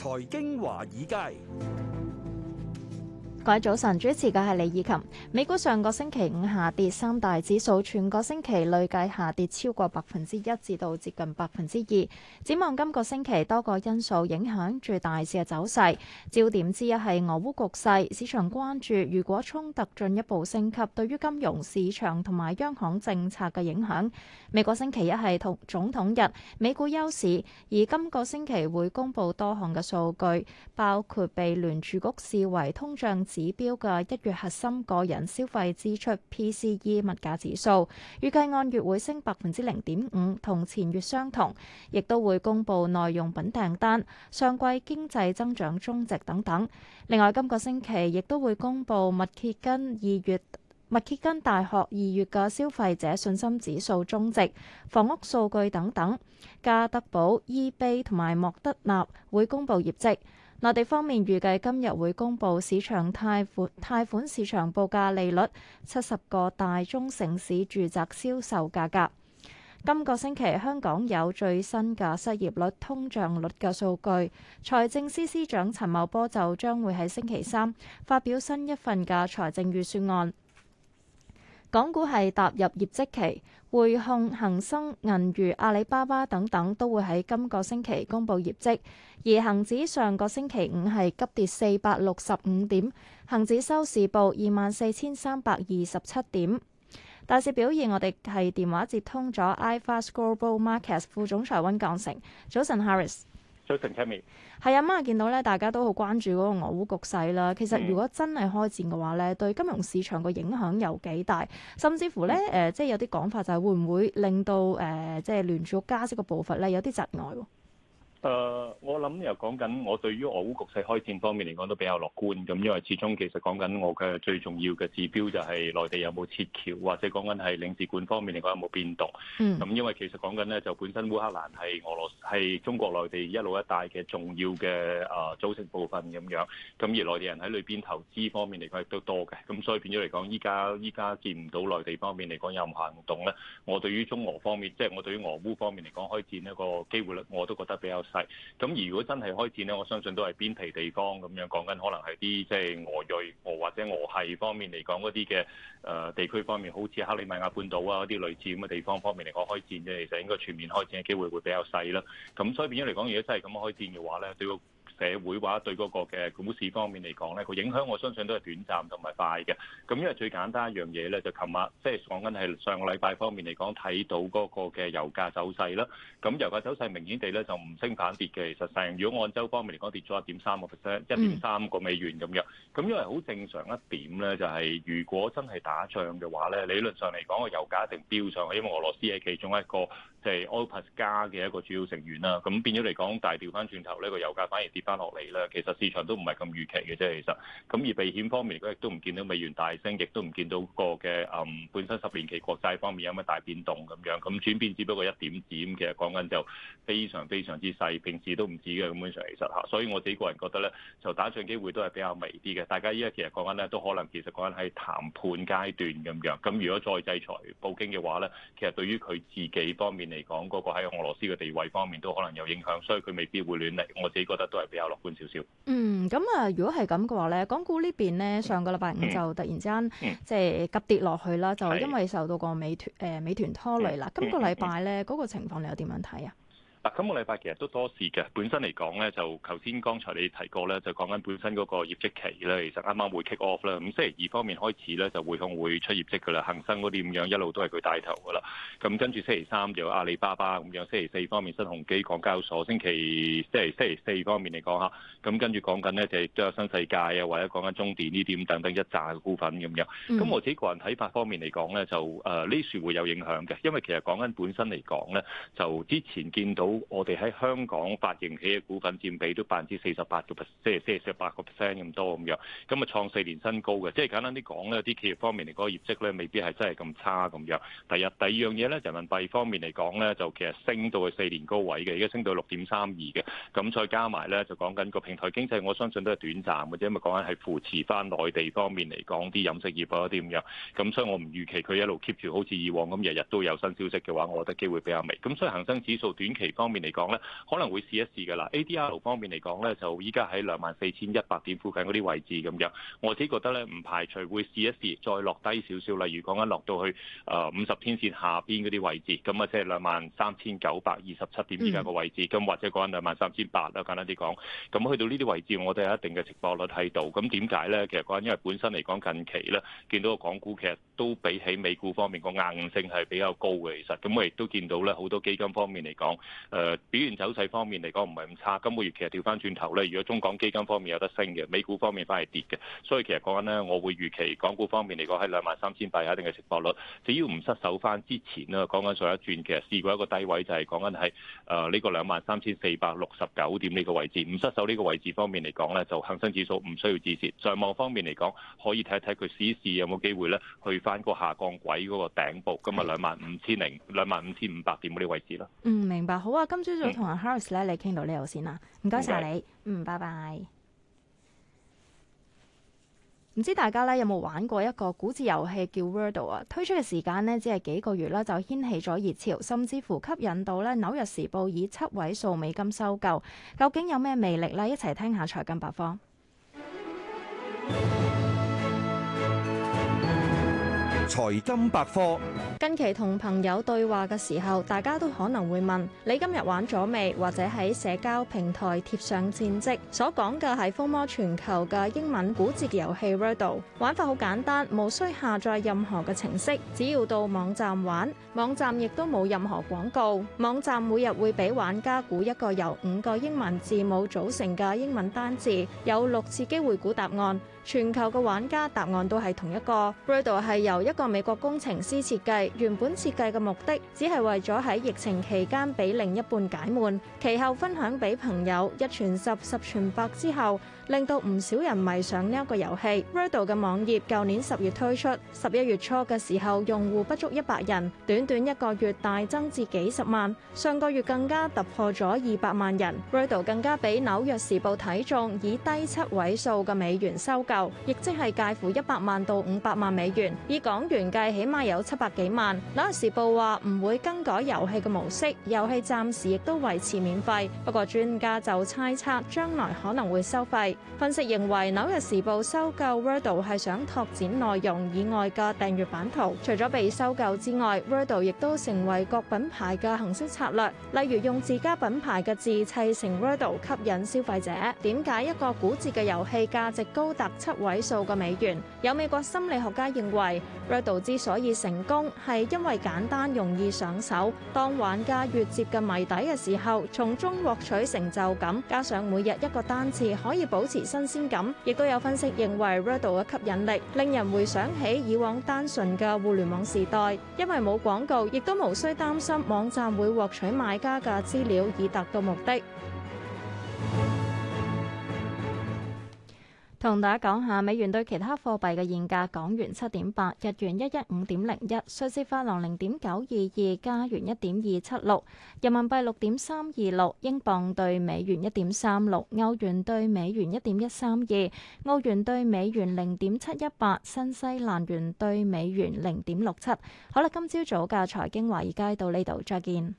財經華爾街。各位早晨，主持嘅係李以琴。美股上個星期五下跌，三大指數全個星期累計下跌超過百分之一，至到接近百分之二。展望今個星期，多個因素影響住大市嘅走勢。焦點之一係俄烏局勢，市場關注，如果衝突進一步升級，對於金融市場同埋央行政策嘅影響。美國星期一係總統日，美股休市，而今個星期會公布多項嘅數據，包括被聯儲局視為通脹。指標嘅一月核心個人消費支出 PCE 物價指數預計按月會升百分之零點五，同前月相同，亦都會公布耐用品訂單、上季經濟增長終值等等。另外，今個星期亦都會公布密歇根二月、密歇根大學二月嘅消費者信心指數終值、房屋數據等等。加德寶、eBay 同埋莫德納會公布業績。內地方面預計今日會公布市場貸款貸款市場報價利率、七十個大中城市住宅銷售價格。今個星期香港有最新嘅失業率、通脹率嘅數據。財政司司，司長陳茂波就將會喺星期三發表新一份嘅財政預算案。港股係踏入業績期。匯控、恒生、銀娛、阿里巴巴等等都會喺今個星期公布業績，而恒指上個星期五係急跌四百六十五點，恒指收市報二萬四千三百二十七點。大市表現，我哋係電話接通咗 iFast Global Markets 副總裁溫鋼成，早晨，Harris。最係啊，咁啊見到咧，大家都好關注嗰個俄烏局勢啦。其實如果真係開戰嘅話咧，對金融市場個影響有幾大，甚至乎咧誒、嗯呃，即係有啲講法就係會唔會令到誒、呃，即係聯儲加息嘅步伐咧有啲窒礙。誒，我諗又講緊，我對於俄烏局勢開戰方面嚟講都比較樂觀，咁因為始終其實講緊我嘅最重要嘅指標就係內地有冇撤僑，或者講緊係領事館方面嚟講有冇變動。嗯，咁因為其實講緊呢，就本身烏克蘭係俄羅係中國內地一路一帶嘅重要嘅啊組成部分咁樣，咁而內地人喺裏邊投資方面嚟講亦都多嘅，咁所以變咗嚟講，依家依家見唔到內地方面嚟講有唔行動咧，我對於中俄方面，即係我對於俄烏方面嚟講開戰一個機會率，我都覺得比較。係，咁如果真係開戰咧，我相信都係邊皮地方咁樣講緊，可能係啲即係俄裔，俄或者俄系方面嚟講嗰啲嘅誒地區方面，好似克里米亞半島啊嗰啲類似咁嘅地方方面嚟講開戰啫，其實應該全面開戰嘅機會會比較細啦。咁所以變咗嚟講，如果真係咁樣開戰嘅話咧，都社會話對嗰個嘅股市方面嚟講咧，佢影響我相信都係短暫同埋快嘅。咁因為最簡單一樣嘢咧，就琴日即係講緊係上個禮拜方面嚟講，睇到嗰個嘅油價走勢啦。咁油價走勢明顯地咧就唔升反跌嘅。其實成，如果按周方面嚟講，跌咗一點三個 percent，一點三個美元咁樣。咁因為好正常一點咧，就係如果真係打仗嘅話咧，理論上嚟講個油價一定飆上去，因為俄羅斯係其中一個即係 OPEC 加嘅一個主要成員啦。咁變咗嚟講，大調翻轉頭呢個油價反而跌。加落嚟啦，其實市場都唔係咁預期嘅啫。其實咁而避險方面，亦都唔見到美元大升，亦都唔見到個嘅本身十年期國債方面有乜大變動咁樣，咁轉變只不過一點點，其實講緊就非常非常之細，平時都唔止嘅，基本上其實嚇，所以我自己個人覺得咧，就打仗機會都係比較微啲嘅。大家依家其實講緊咧，都可能其實講緊喺談判階段咁樣。咁如果再制裁普京嘅話咧，其實對於佢自己方面嚟講，嗰個喺俄羅斯嘅地位方面都可能有影響，所以佢未必會亂嚟。我自己覺得都係。有樂觀少少。嗯，咁啊，如果係咁嘅話咧，港股呢邊咧，上個禮拜五就突然之間即係急跌落去啦，就因為受到個美團誒、呃、美團拖累啦。今個禮拜咧，嗰個情況你又點樣睇啊？咁個禮拜其實都多事嘅，本身嚟講咧就頭先剛才你提過咧，就講緊本身嗰個業績期咧，其實啱啱會 kick off 啦。咁星期二方面開始咧，就匯控會出業績噶啦，恒生嗰啲咁樣一路都係佢帶頭噶啦。咁跟住星期三就有阿里巴巴咁樣，星期四方面新鴻基港交所，星期，即係星期四方面嚟講嚇，咁跟住講緊咧就是、都有新世界啊，或者講緊中電呢啲咁等等一紮股份咁樣。咁我自己個人睇法方面嚟講咧，就誒呢樹會有影響嘅，因為其實講緊本身嚟講咧，就之前見到。我哋喺香港發行企業嘅股份佔比都百分之四十八個，即係四十八個 percent 咁多咁樣，咁啊創四年新高嘅，即係簡單啲講呢，啲企業方面嚟講業績呢未必係真係咁差咁樣。第二第二樣嘢呢，人民幣方面嚟講呢，就其實升到去四年高位嘅，而家升到六點三二嘅，咁再加埋呢，就講緊個平台經濟，我相信都係短暫，或者因為講緊係扶持翻內地方面嚟講啲飲食業啊啲咁樣，咁所以我唔預期佢一路 keep 住好似以往咁日日都有新消息嘅話，我覺得機會比較微。咁所以恒生指數短期。方面嚟講呢，可能會試一試㗎啦。ADR 方面嚟講呢，就依家喺兩萬四千一百點附近嗰啲位置咁樣，我自己覺得呢，唔排除會試一試再落低少少，例如講緊落到去誒五十天線下邊嗰啲位置，咁啊即係兩萬三千九百二十七點依家個位置，咁、嗯、或者講緊兩萬三千八啦，簡單啲講，咁去到呢啲位置，我哋有一定嘅直播率喺度。咁點解呢？其實講緊因為本身嚟講近期呢見到個港股其實都比起美股方面個硬性係比較高嘅，其實咁我亦都見到呢好多基金方面嚟講。誒表現走勢方面嚟講唔係咁差，今個月其實調翻轉頭咧。如果中港基金方面有得升嘅，美股方面反而係跌嘅，所以其實講緊呢，我會預期港股方面嚟講喺兩萬三千幣有一定嘅市況率，只要唔失守翻之前呢，講緊上一轉，其實試過一個低位就係講緊係誒呢個兩萬三千四百六十九點呢個位置，唔失守呢個位置方面嚟講咧，就恒生指數唔需要止蝕。上網方面嚟講，可以睇一睇佢試試有冇機會咧，去翻個下降軌嗰個頂部，今日兩萬五千零兩萬五千五百點嗰啲位置啦。嗯，明白，好啊。今朝早同阿 Harris 咧，你傾到呢度先啦，唔該晒你，嗯，拜拜。唔知大家咧有冇玩過一個古字遊戲叫 Wordle 啊？推出嘅時間呢，只係幾個月啦，就掀起咗熱潮，甚至乎吸引到咧紐約時報以七位數美金收購。究竟有咩魅力呢？一齊聽，聽一下財經百科。財金百科。近期同朋友對話嘅時候，大家都可能會問：你今日玩咗未？或者喺社交平台貼上戰績。所講嘅係風魔全球嘅英文估字遊戲 Riddle。玩法好簡單，無需下載任何嘅程式，只要到網站玩。網站亦都冇任何廣告。網站每日會俾玩家估一個由五個英文字母組成嘅英文單字，有六次機會估答案。全球嘅玩家答案都係同一個。Riddle 係由一個美國工程師設計，原本設計嘅目的只係為咗喺疫情期間俾另一半解悶，其後分享俾朋友，一傳十，十傳百之後。令到唔少人迷上呢一個遊戲。Riddle 嘅網頁舊年十月推出，十一月初嘅時候用戶不足一百人，短短一個月大增至幾十萬，上個月更加突破咗二百萬人。Riddle 更加俾紐約時報睇中，以低七位數嘅美元收購，亦即係介乎一百萬到五百萬美元。以港元計起碼有七百幾萬。紐約時報話唔會更改遊戲嘅模式，遊戲暫時亦都維持免費。不過專家就猜測將來可能會收費。分析認為，《紐約時報》收購 Wordle 係想拓展內容以外嘅訂閱版圖。除咗被收購之外，Wordle 亦都成為各品牌嘅行銷策略，例如用自家品牌嘅字砌成 Wordle 吸引消費者。點解一個估字嘅遊戲價值高達七位數嘅美元？有美國心理學家認為，Wordle 之所以成功係因為簡單容易上手。當玩家越接近謎底嘅時候，從中獲取成就感，加上每日一個單字可以保持新鮮感，亦都有分析認為 Rado 嘅吸引力令人回想起以往單純嘅互聯網時代，因為冇廣告，亦都無需擔心網站會獲取買家嘅資料以達到目的。同大家講下美元對其他貨幣嘅現價：港元七點八，日元一一五點零一，瑞士法郎零點九二二，加元一點二七六，人民幣六點三二六，英鎊對美元一點三六，歐元對美元一點一三二，澳元對美元零點七一八，新西蘭元對美元零點六七。好啦，今朝早嘅財經華爾街到呢度再見。